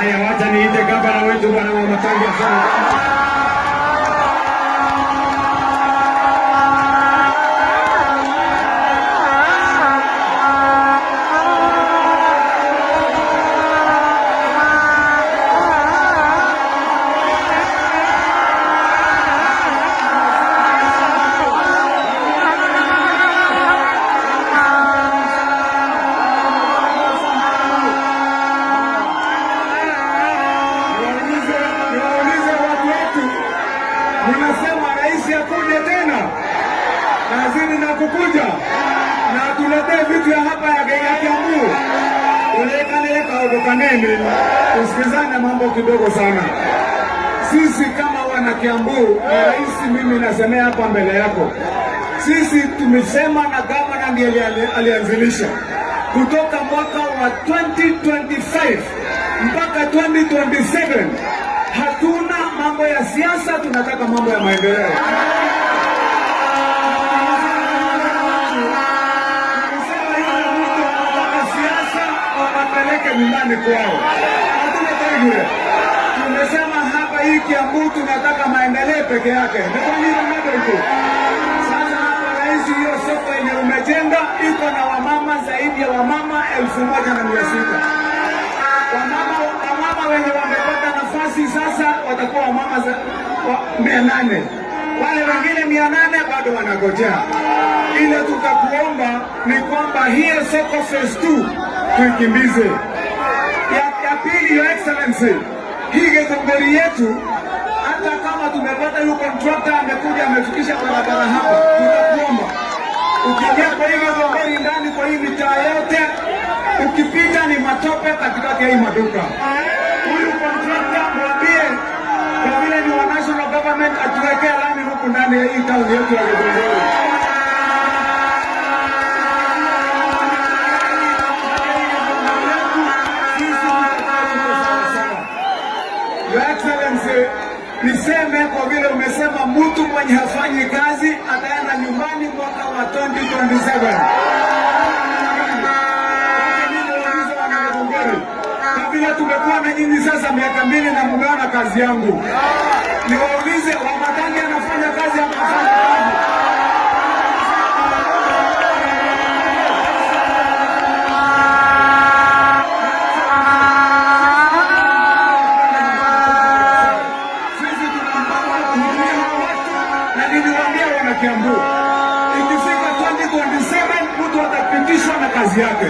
haya, wacha niite gavana wetu bwana wa Makanga sana. kazini na kukuja na tuletee vitu ya hapa ya Keiakiambu ulekaleekaogokanene usikizane mambo kidogo sana. Sisi kama wana Kiambu na rais, mimi nasemea hapa mbele yako, sisi tumesema na gavana alianzilisha kutoka mwaka wa 2025 mpaka 2027 hatuna mambo ya siasa, tunataka mambo ya maendeleo. wapeleke nyumbani kwao. Hatuna bure. Tumesema hapa hii Kiambu tunataka maendeleo peke yake. Sasa hapa rais, hiyo soko yenye umejenga iko na wamama zaidi ya wamama elfu moja na mia sita wamama wenye wamepata nafasi sasa watakuwa wamama za mia nane wale wengine mia nane bado wanagojea. Ile tutakuomba ni kwamba hiyo soko phase 2 tuikimbize pili, Your Excellency, hii kategori yetu, hata kama tumepata yu kontrakta amekuja amefikisha barabara hapa, tunakuomba ukiingia kwa hii kategori ndani, kwa hii mitaa yote ukipita ni matope katikati ya hii maduka. Huyu kontrakta mwambie kwa vile ni wa national government atuwekea lami huku ndani ya hii town yetu ya Githunguri. Your Excellency, niseme kwa vile umesema mtu mwenye hafanyi kazi ataenda nyumbani mwaka wa 2027. Kwa vile tumekuwa na nyinyi sasa miaka mbili na mmeona kazi yangu. niliwaambia kiambu ikifika 2027 mtu atapitishwa na kazi yake.